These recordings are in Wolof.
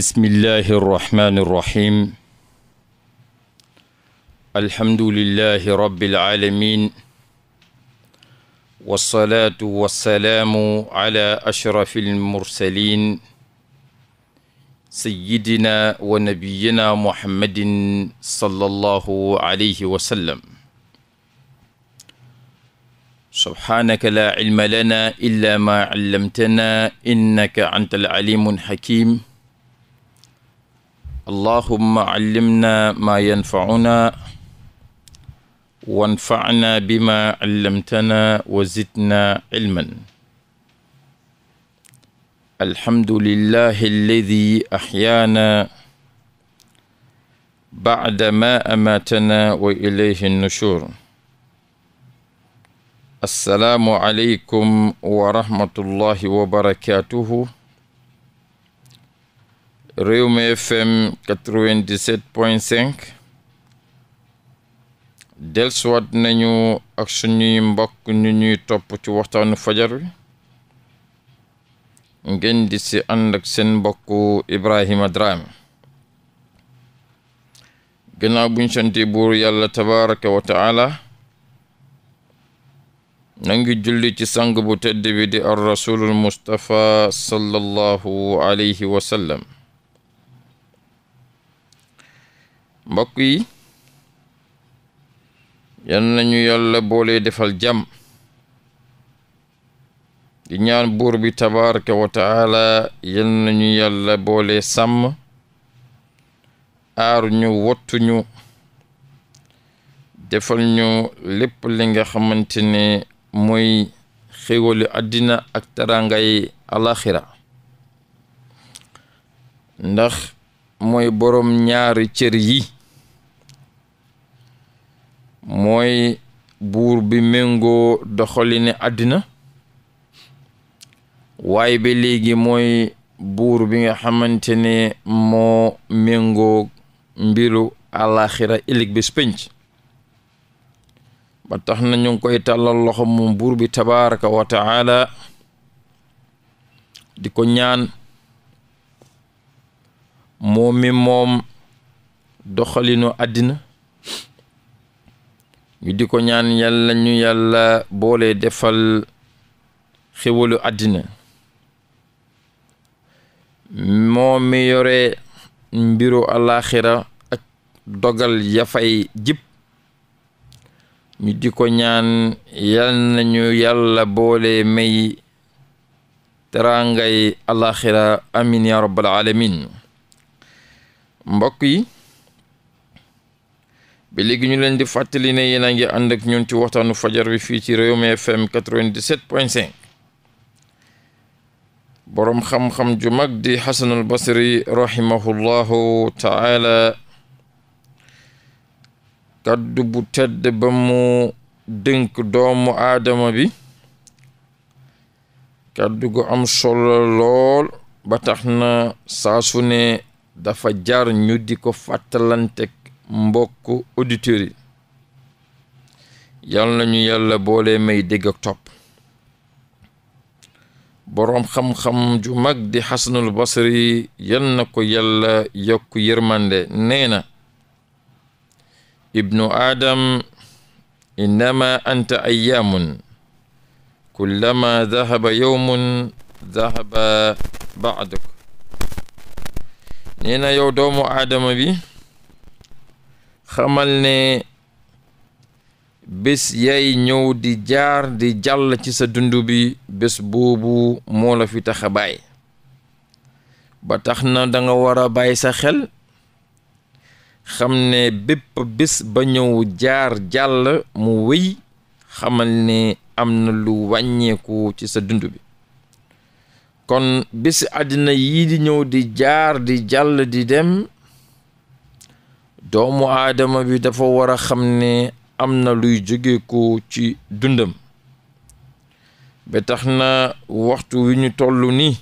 bismillahi arrahmani irrahim alhamdulilahi rabiilalamin walsalaatu walsalaamu ala ashrafi almursalin sayidina wa nabiyina muhammadin sallallahu alayhi wa sallam subhaanaka laa cilma lana illa ma callamtana innaka anta alcalimu alxakim allahumma callimna maa yanfacunaa wanfacnaa bimaa callamtanaa wa zidnaa cilman alhamdulillahi alladi axyaanaa bacda maa amaatanaa wa ilayhi nushuur assalaamu aleykum wa rahmatullahi wa barakaatuhu Rewmi FM 97.5 delsuwaat nañu ak suñuy mbokk ñu topp ci waxtaanu fajar wi ngeen di si ànd seen mbokk Ibrahima Drame gannaaw buñ sante buur yàlla tabaraka wa taala nangi julli ci sang bu tedd bi di ar rasulul mustapha sallallahu alayhi mbokk yi yan nañu yàlla boole defal jàmm di ñaan buur bi tabaraka wa taala yan nañu yàlla boole sàmm aar ñu wottuñu defal ñu lépp li nga xamante ne mooy xéwalu àddina ak tarangay alaxira ndax mooy boroom ñaari cër yi mooy buur bi méngoo doxalini àddina waaye ba léegi mooy buur bi nga xamante ne moo méngoo mbiru àlaxira ëllëg bés pénc ba tax na koy tàllal loxo moom buur bi tabaraka wa di ko ñaan moom mi moom doxalinu àddina ñu di ko ñaan yàlla ñu yàlla boole defal xéwalu àddina moo mi yore mbiru alaxira ak dogal yafay fay jib ñu di ko ñaan yal nañu yàlla boole may teraangay alaxira amin ya rabbal alamin mbokk yi ba léegi ñu leen di fàttali ne yéen a ngi ànd ak ñun ci waxtaanu fajar bi fii ci Rewmi FM 97.5 boroom xam-xam ju mag di Xasanul Basri rahimahullahu taala kàddu bu tedd ba mu dënk doomu aadama bi kàddu gu am solo lool ba tax na saa su ne dafa jar ñu di ko fàttalante mbokk auditeurs yi yàlla nañu yàlla boole may dégg ak topp boroom xam ju mag di xasanul basri yal na ko yalla yokk yërmande nee na ibnu aadam innama anta ayyaamun kullama dahaba yowmun dahaba baaduk nee na yow doomu aadama bi xamal ne bés yay ñëw di jaar di jàll ci sa dund bi bés boobu moo la fi tax a bàyyi ba tax na danga nga war bàyyi sa xel xam ne bépp bés ba ñëw jaar jàll mu wéy xamal ne am na lu wàññeeku ci sa dund bi kon bési àddina yii di ñëw di jaar di jàll di dem doomu aadama bi dafa wara xam ne am na luy jóge ko ci dundam ba tax na waxtu wi ñu toll nii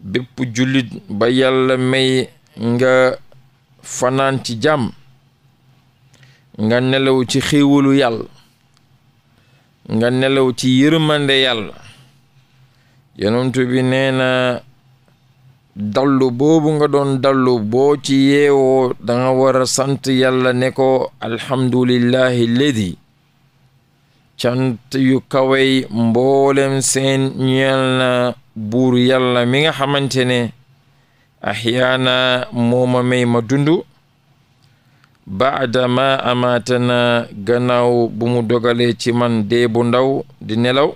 bépp jullit ba yàlla may nga fanaan ci jàmm nga nelaw ci xéewalu yàlla nga nelaw ci yërmande yàlla yonent bi nee dallu boobu nga doon dallu boo ci yeewoo danga war a sant yàlla ne ko alhamdulillahi ledi cant yu kawey mboolem seen ñeel na buur yàlla mi nga xamante ne axyaana mooma may ma dundu baada ma amaatana gannaaw bu mu dogalee ci man dee bu ndaw di nelaw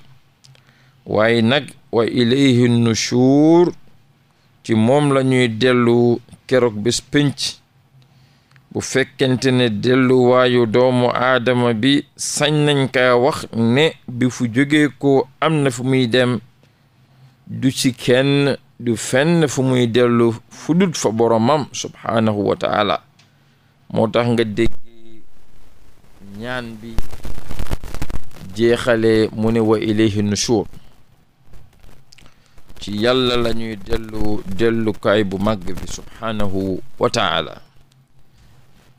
waaye nag wa ilayhi nushuur ci moom la ñuy dellu keroog bés pénc bu fekkente ne delluwaayu doomu aadama bi sañ nañ kaa wax ne bi fu jógee ko am na fu muy dem du ci kenn du fenn fu muy dellu fu dut fa boromam subhaanahu wa moo tax nga dégg ñaan bi jeexale mu ne wa ilayhi nushur ci yàlla lañuy ñuy dellu dellukaay bu màgg bi subhaanahu wa taala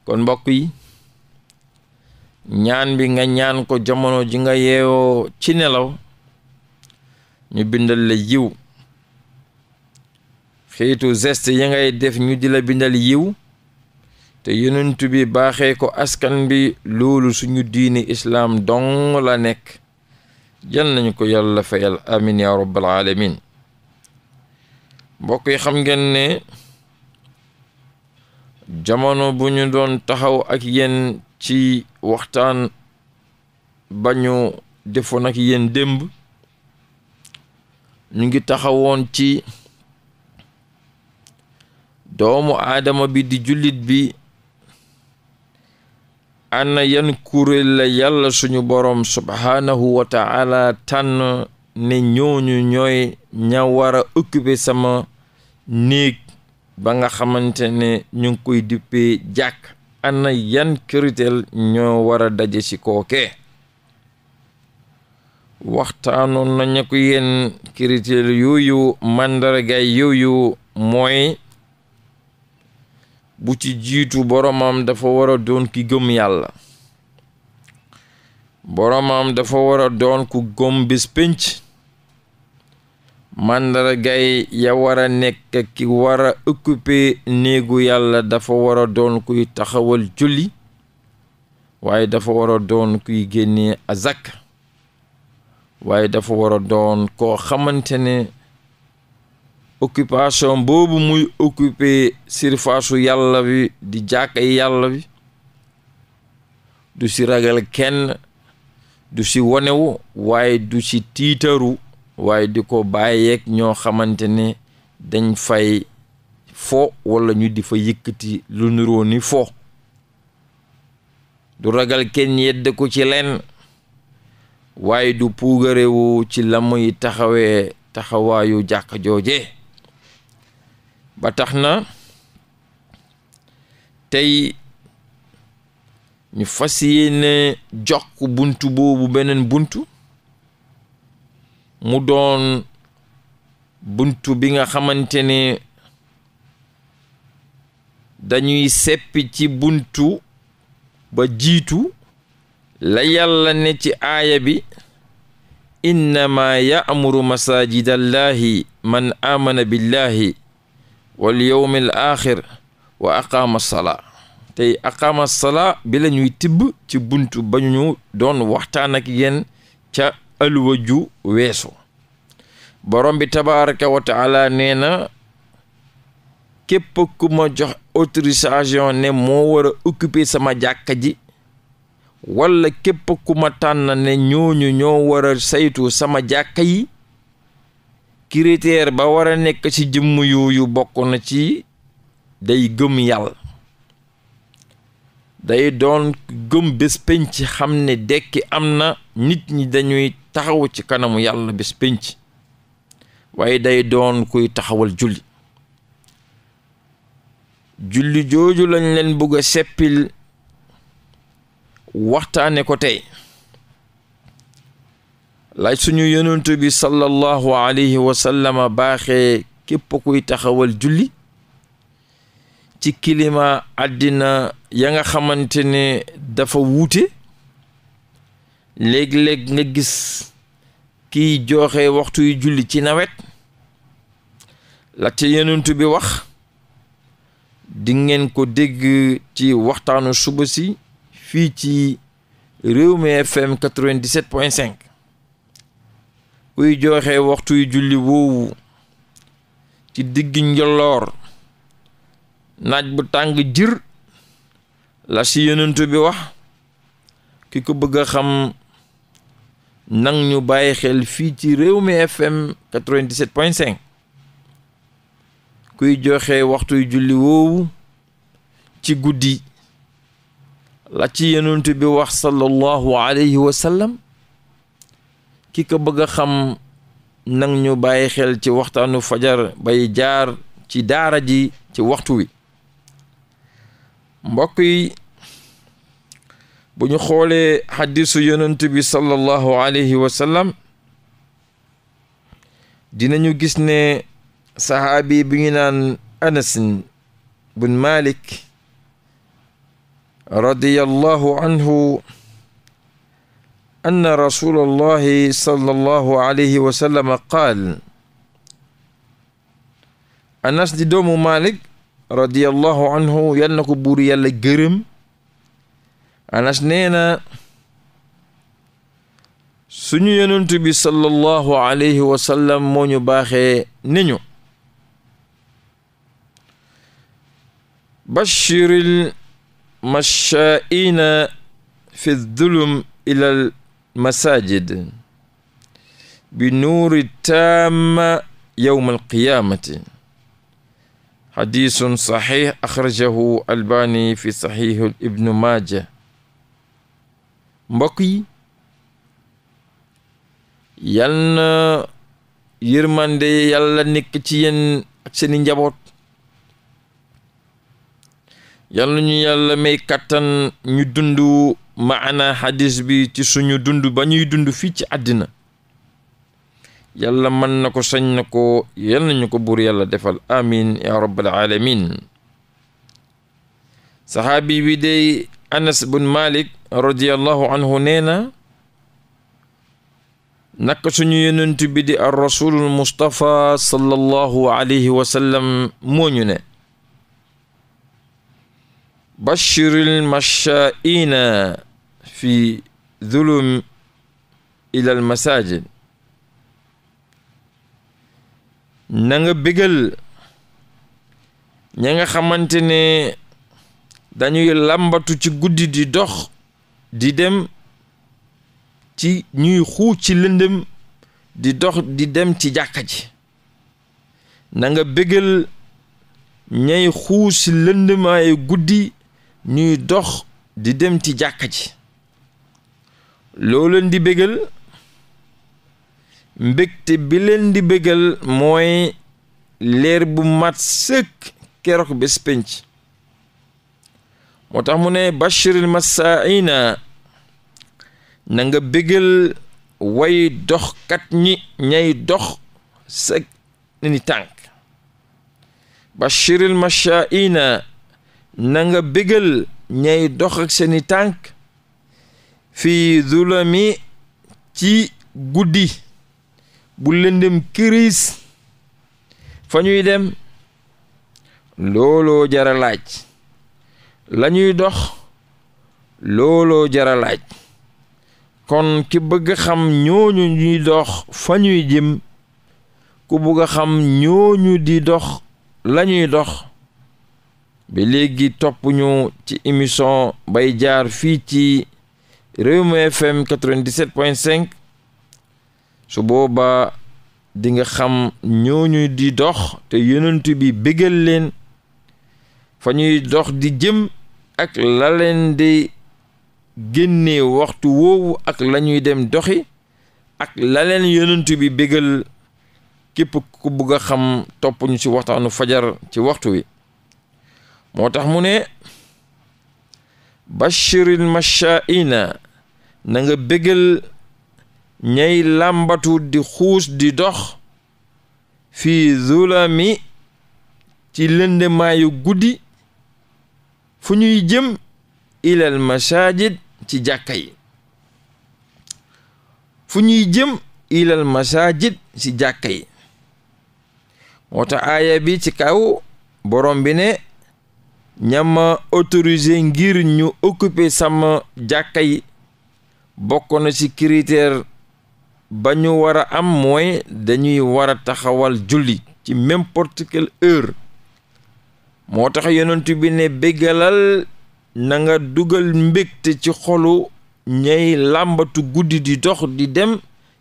kon mbokk yi ñaan bi nga ñaan ko jamono ji nga yeewoo ci nelaw ñu bindal la yiw xeetu geste yi ngay def ñu di bindal yiw te yonent bi baaxee ko askan bi loolu suñu diini islaam dong la nekk jal nañu ko yàlla fayal amin ya rabbal alamin mbokk yi xam ngeen ne jamono bu ñu doon taxaw ak yéen ci waxtaan ba ñu defoon ak yéen démb ñu ngi taxawoon ci doomu aadama bi di jullit bi ana yenn kuréel la yàlla suñu boroom subhaanahu wa taala tànn ne ñooñu ñooy ña wara a occuper sama néeg ba nga xamante ne ñu ngi koy dippee jàkk ana yan critère ñoo wara daje ci kookee waxtaanoon nañu ko yenn critère yooyu màndargaay yooyu mooy bu ci jiitu boromam dafa wara doon ki gëm yàlla boromam dafa wara doon ku gëm bis pénc màndargay ya war a nekk ki war a néegu yàlla dafa war a doon kuy taxawal julli waaye dafa wara doon kuy génnee azak waaye dafa war a doon koo xamante ne occupation boobu muy occuper sirfasu yàlla bi di jàkkay yàlla bi du si ragal kenn du si wonewu waaye du si tiitaru waaye di ko bàyyeek ñoo xamante ne dañ fay fo wala ñu di fa yëkkati lu niroo ni fo du ragal kenn yedd ko ci leen waaye du puugarewu ci làmm yi taxawee taxawaayu jàkk jooje ba tax na tey ñu fas yéene jokk buntu boobu beneen buntu mu doon buntu bi nga xamante ne dañuy seppi ci buntu ba jiitu la yàlla ne ci ayabi bi innama ya'muru masaajidallahi man amana billahi wal yawmil axir wa aqaama salaa tey aqaama salaa bi la ñuy tibb ci buntu ba ñu doon waxtaan ak yéen ca alwaju weesu borom bi tabaraka wa taala nee na képp ku jox autorisation ne moo war a occuper sama jàkka ji walla képp ku ma tànn ne ñooñu ñoo war saytu sama jàkka yi critère ba war a nekk ci jëmm yooyu bokk na ci day gëm yàlla day doon gëm bés pénc xam ne dekki am na nit ñi dañuy taxawu ci kanamu yàlla bés pénc waaye day doon kuy taxawal julli julli jooju lañ leen bëgg a seppil waxtaane ko tey laaj suñu yonentu bi sallallahu alayhi wa sallama baaxee képp kuy taxawal julli ci kilima àddina ya nga xamante ne dafa wuute léeg-léeg nga gis kiy jooxe waxtu yu julli ci nawet la ci yenent bi wax di ngeen ko dégg ci waxtaanu suba si fii ci Rewmi FM 97.5 kuy jooxe waxtu yu julli woowu ci digg njolloor naaj bu tàng jir la ci yenent bi wax ki ko bëgg xam nang ñu bàyyi xel fii ci réew mi fm 97.5 kuy joxe waxtuy julli woowu ci guddi la ci yonent bi wax sallallahu alayhi wa sallam ki ko bëgg a xam nang ñu bàyyi xel ci waxtaanu fajar bay jaar ci daara ji ci waxtu wi mbokk bu ñu xoolee xadisu yonent bi sallallahu alayhi wa sallam dinañu gis ne sahaabi bi ñu naan Anas bun Malik radiyallahu anhu anna rasulallahi sallallahu alayhi wa di doomu Malik radiyallahu anhu yal na ko buur yàlla gërëm anas nee na suñu yonent bi sallallahu alayhi wa sallam moo ñu baaxee ni ñu bashiril mashaa'ina fi dulum ilal masajid bi nuuri taama yowma alqiyaamati xadisun saxiix axrajahu albani fi saxiixu ibnu maaja mbokk yi yal na yërmande yàlla nekk ci yéen ak seeni njaboot yal na ñu yàlla may kàttan ñu dund maana hadis bi ci suñu dund ba ñuy dund fii ci àddina yàlla mën na ko sañ na ko yal na ñu ko buur yàlla defal amin ya rabbal alamin sahaabi bi anas bun malik radiallahu anhu nee na naka suñu yonent bi di ar rasulul mustapha sallallahu alayhi wa sallam mooñu ne bashiril mashaa'ina fi zulum ilal masajid na nga bégal ña nga xamante ne dañuy làmbatu ci guddi di dox di dem ci ñuy xuu ci lëndëm di dox di dem ci jàkka ji nanga nga bégal ñay xuu lëndëmaayu guddi ñuy dox di dem ci jàkka ji loo leen di bégal mbégte bi leen di bégal mooy leer bu mat sëkk keroog bés penc moo tax mu ne bashiril masaina na nga bégal way doxkat ñi ñay dox sa ni tànk bashiril masaina na nanga bégal ñay dox seeni tànk fi zulami ci guddi bu lëndëm këriis fa ñuy dem looloo jara laaj lañuy dox looloo jara laaj kon ki bëgg xam ñooñu ñuy dox fa ñuy jëm ku bëgg a xam ñu di dox lañuy dox ba léegi toppuñu ci émission bay jaar fii ci Rewmi FM 97.5 su booba dinga nga xam ñooñu di dox te yonent bi bégal leen fa ñuy dox di jëm ak la leen di génnee waxtu woowu ak la ñuy dem doxi ak la leen bi bégal képp ku bugg a xam toppuñu ci waxtaanu fajar ci waxtu wi moo tax mu ne bashiril mashaa'ina na nanga bégal ñay làmbatu di xuus di dox fii zulami ci lëndemaayu guddi fu ñuy jëm ilal masajid ci yi fu ñuy jëm ilal masajid ci jàkka yi moo tax aaya bi ci kaw borom bi ne ñama autorisé ngir ñu occuper sama jàkka yi bokk na ci critère ba ñu war a am mooy dañuy war a taxawal julli ci n'importe quelle moo tax yonent bi ne béggalal nanga nga dugal mbégte ci xolu ñay làmbatu guddi di dox di dem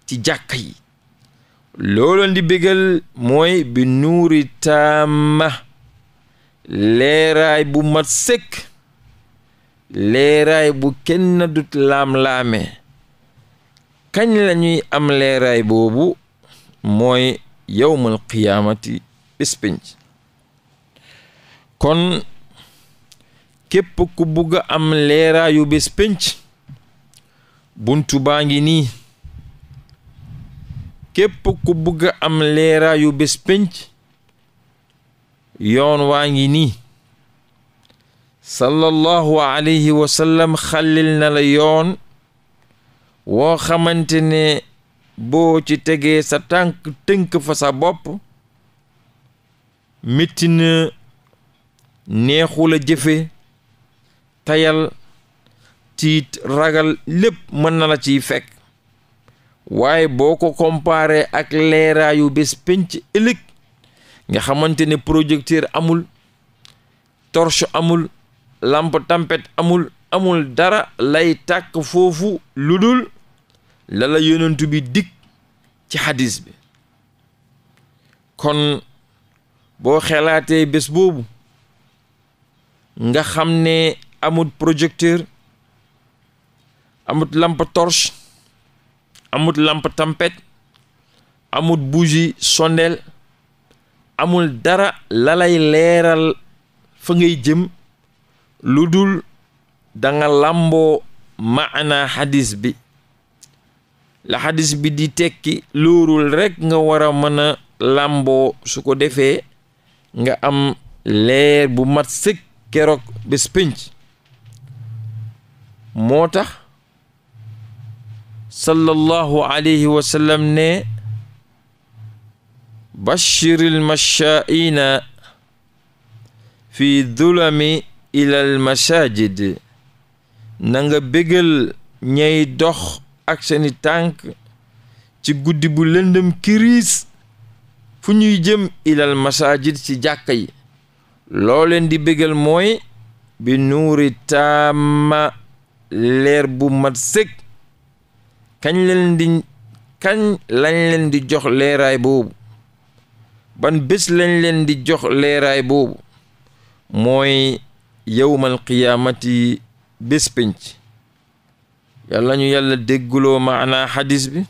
ci jàkk yi looloon di bégal mooy bi nuuri taama leeraay bu mat sëkk leeraay bu kenn du laam-laame kañ lañuy am leeraay boobu mooy yowmal qiyaamati bispinc kon képp ku bugg am leeraayu bés pénc yoon waa ngi ni sallallahu alayhi wa sallam na la yoon woo xamante ne boo ci tegee sa fa sa bopp neexula a jëfe tayal tiit ragal lépp mën na la ciy fekk waaye boo ko comparé ak leeraayu bés penc ëllëg nga xamante ne projecteur amul torche amul lampe tempête amul amul dara lay tàkk foofu lu dul la la bi dig ci xadis bi kon boo xelaatee bés boobu nga xam ne amut projecteur amut lampe torche amut lampe tempête amut bougie sondeel amul dara lalay leeral fa ngay jëm lu dul da nga maana xadis bi la xadis bi di tekki loorul rekk nga war a mën a làmboo su ko defee nga am leer bu mat sëkk keroog bés moo tax sallallahu alayhi wa sallam ne bashiril mashaa'ina fi dulami ilal masajid na nga bégal ñay dox ak seeni tànk ci guddi bu lëndëm kiriis fu ñuy jëm ilal masajid ci jàkka yi loo leen di bégal mooy bi nuuri taama leer bu mat sëkk kañ lañ leen di jox leeraay boobu ban bés lañ leen di jox leeraay boobu mooy yawmal qiyaamati bés pénc yàlla ñu yàlla dégguloo maanaa xadis bi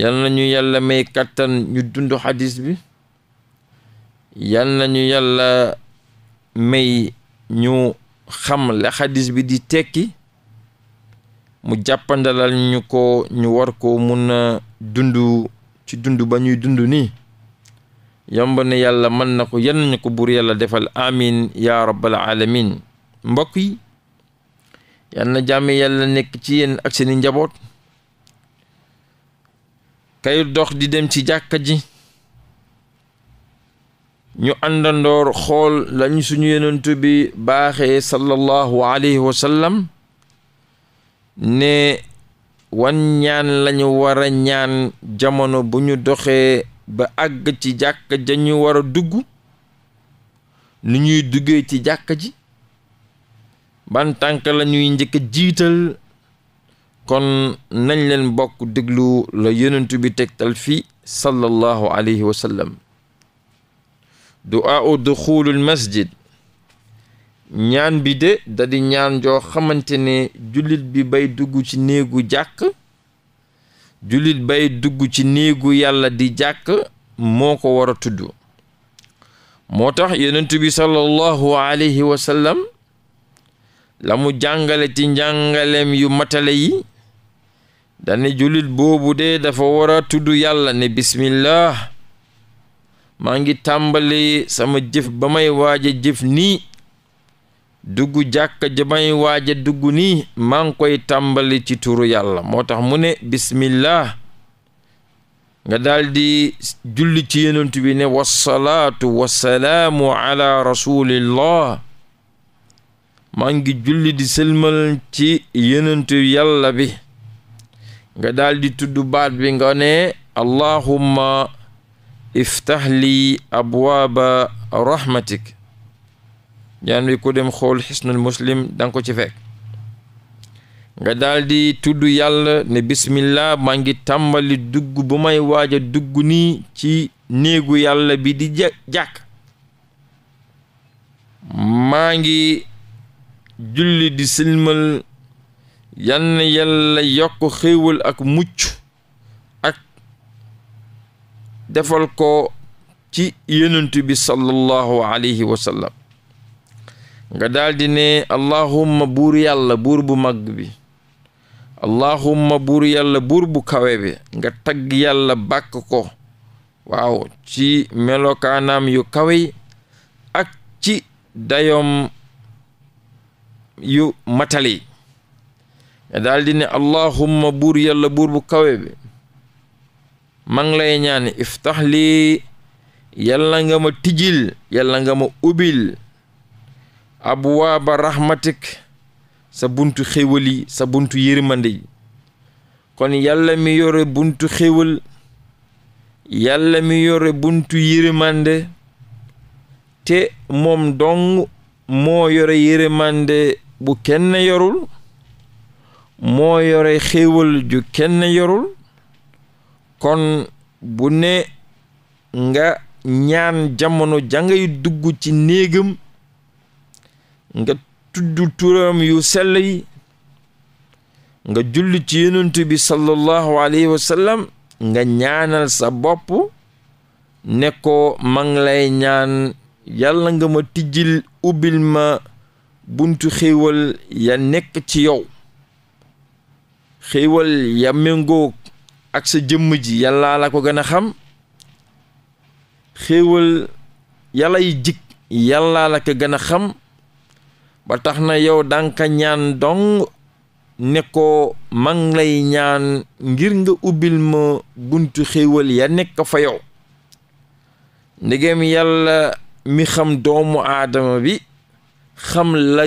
yàlla ñu yàlla may kattan ñu dund bi yal nañu yàlla may ñu xam la bi di tekki mu jàppandalal ñu ko ñu war ko mun a dund ci dund ba ñuy dund ni yomb na yàlla mën na ko yal ñu ko buur yàlla defal amin yaa rabbal alamin mbokk yi yal na jàmm yàlla nekk ci yenn ak seeni njaboot kay dox di dem ci jàkka ji ñu àndandoor xool lañu suñu yenentu bi baaxee sallallahu alayhi wa ne wan ñaan lañu war a ñaan jamono bu ñu doxee ba àgg ci jàkk ja ñu war a dugg nu ñuy duggee ci jàkk ji ban tànk la njëkk jiital kon nañ leen bokk déglu la yenentu bi tegtal fii sallallahu alayhi wa sallam du'a u duxulul masjid ñaan bi de da di ñaan joo xamante ne jullit bi bay dugg ci néegu jàkk jullit bay dugg ci néegu yàlla di jàkk moo ko war a moo tax yonent bi sallallahu alayhi wa sallam la mu jàngale ci njàngaleem yu matale yi dane jullit boobu de dafa war a tudd yàlla ne bismillah maa ngi tàmbali sama jëf ba may waaja nii dugg jàkka ja may waaja dugg nii maa ngi koy tàmbali ci turu yàlla moo tax mu ne bismillah nga daldi julli ci yenentu bi ne wassalaatu wassalaamu ala rasulillah maa ngi julli di sëlmal ci yenentu yalla bi nga daldi tudd baat bi nga ne allahumma iftah li abwaaba rahmatik ñaan wi ku dem xool xisnul muslim da ko ci fekk nga daldi di tudd yàlla ne bismillah maa ngi tàmbali dugg bu may waaj dugg nii ci néegu yàlla bi di jàkk maa ngi julli di silmal yann yàlla yokk xéewal ak mucc defal ko ci yonent bi sallallahu alayhi wa nga daldi ne allahumma buur yàlla buur bu bi allahumma buur yàlla buur bu kawe bi nga tagg yàlla bàkk ko waaw ci melokaanam yu kawe ak ci dayoom yu matali nga daldi ne allahumma buur yàlla buur bu kawe maa ngi lay ñaan iftax lii yàlla nga ma tijil yàlla nga ma ubbil abwaaba rahmatik sa buntu xéwal sa buntu yërmande yi kon yàlla mi yore buntu xéwal yàlla mi yore buntu yërmande te moom dong moo yore yërmande bu kenn yorul moo yore xéwal ju kenn yorul kon bu ne nga ñaan jamono jangay dugg ci néegam nga tudd turam yu sell nga julli ci yonent bi sallallahu alayhi wa nga ñaanal sa bopp ne ko lay ñaan yàlla nga ma tijjil ubbil ma buntu xéewal ya nekk ci yow xéewal ya méngoog ak sa jëmm ji yàllaa la ko gën a xam xéewal yàlla yi jig yàllaa la ko gën a xam ba tax na yow danga ñaan dong ne ko maa lay ñaan ngir nga ubbil ma buntu xéewal ya nekk fa yow ndegem yàlla mi xam doomu aadama bi xam la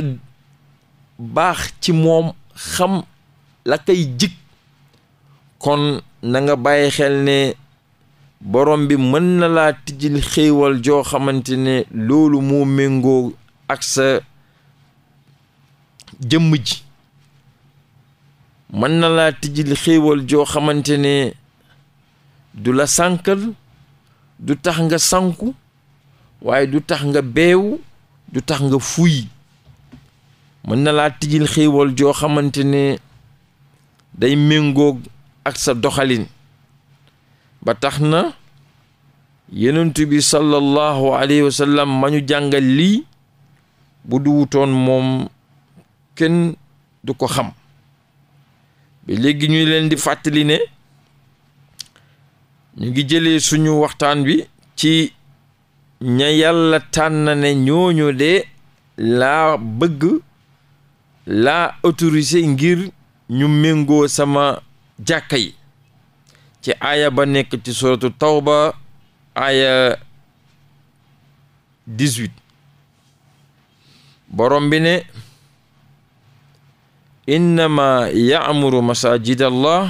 baax ci moom xam la koy jig kon nanga bàyyi xel ne borom bi mën na laa tijjil xéewal joo xamante ne loolu moo méngoo ak sa jëmm ji mën na laa tijjil xéewal joo xamante ne du la sànkal du tax nga sànku waaye du tax nga beewu du tax nga fuy mën na laa tijjil xéewal joo xamante ne day méngoog ak sa doxalin ba tax na yenent bi sallallahu alayhi wa sallam ma jàngal lii bu du wutoon moom kenn du ko xam ba léegi ñu leen di fàttali ne ñu ngi jëlee suñu waxtaan bi ci ña yàlla tànn ne ñooñu de laa bëgg laa autorisé ngir ñu méngoo sama jàkka yi ci aaya ba nekk ci suratu tawba aaya 18 borom bi ne innama yaamuru masajid allah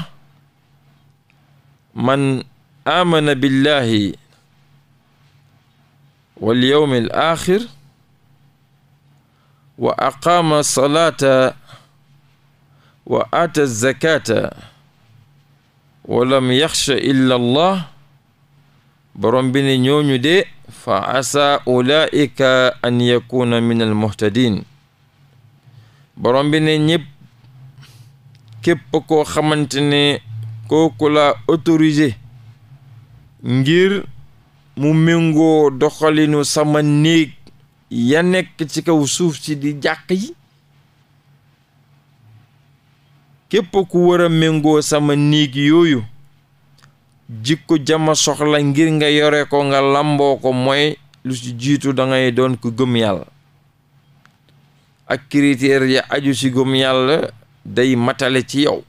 man amana billahi wal yawmi al axir wa aqaama walam yaxsha illa allah borom bi ne ñooñu de fa asa ulaika an yakuna min al muhtadin borom bi ne ñëpp képp koo xamante ne kooku la autorisé ngir mu méngoo doxalinu sama néeg ya nekk ci kaw suuf si di jàq yi képp ku war a méngoo sama niig yooyu jikko jama soxla ngir nga yore ko nga lamboo ko mooy lu ci jiitu da ngay doon ku gëm yàlla ak critères ya aju ci gëm yàlla day matale ci yow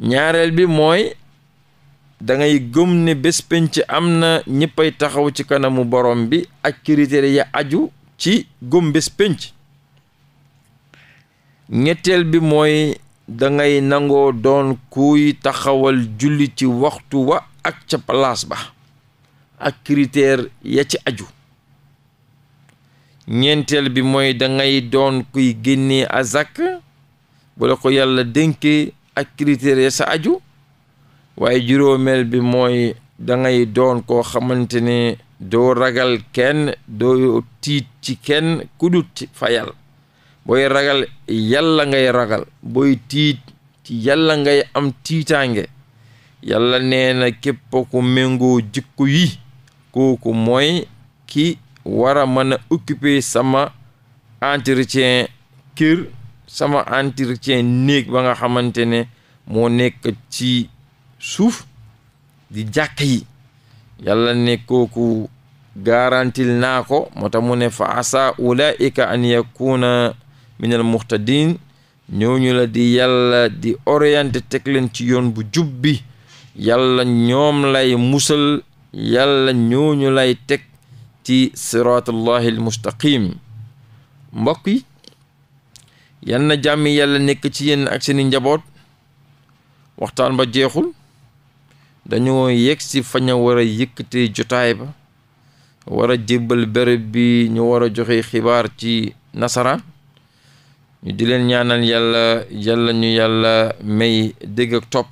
ñaareel bi mooy dangay gëm ne bés penc am na ñéppay taxaw ci kanamu borom bi ak critères ya aju ci gëm bés penc ñetteel bi mooy dangay nangoo doon kuy taxawal julli ci waxtu wa ak ca palaas ba ak critère ya ci aju ñeenteel bi mooy dangay doon kuy génnee azak bu ko yàlla dénkee ak critère ya sa aju waaye juróomeel bi mooy dangay doon koo xamante ne doo ragal kenn doo tiit ci kenn ku dut fa yàlla booy ragal yàlla ngay ragal booy tiit ci yàlla ngay am tiitaange yàlla nee na képp ku méngoo jikko yi kooku mooy ki war a mën a occuper sama entretien kër sama entretien néeg ba nga xamante ne moo nekk ci suuf di yi yàlla ne kooku garantil naa ko moo tax mu ne fa minal muhtadin ñooñu la di yàlla di orienté teg leen ci yoon bu jub bi yàlla musal yàlla ñooñu lay teg ci siratullahi al mustaqim mbokk yi yal na jàmmi yàlla nekk ci yenn ak seeni njaboot waxtaan ba jeexul dañoo yegg ci fañ a war jotaay ba wara a jébbal béréb bi ñu war a joxe xibaar ci nasara ñu di leen ñaanal yàlla yàlla ñu yàlla may dégg ak topp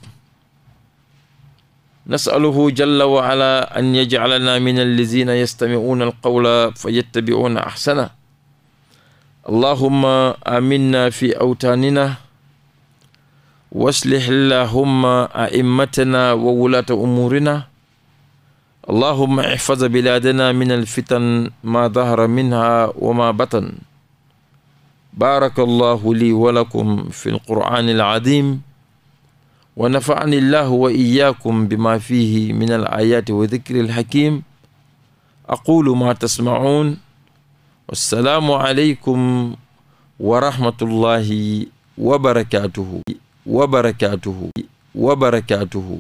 nasaluhu jalla wa ala an yajcalana min allazina yastamicuuna alqawla fa yattabicuuna axsana allahumma aminna fi awtaanina waslih allahumma aimmatana wa wulaata umuurina allahumma ixfaz bilaadana min alfitan ma dahara minha wa ma batan baaraka allahu lii wa lakum fi alqur'ani alazim wa nafa'ani allahu wa iyaakum bima fihi min alayaati wa dikri alhakim aqulu ma tasma'un wassalaamu aleykum wa rahmatullahi wa barakatuhu wa barakatuhu wa barakatuhu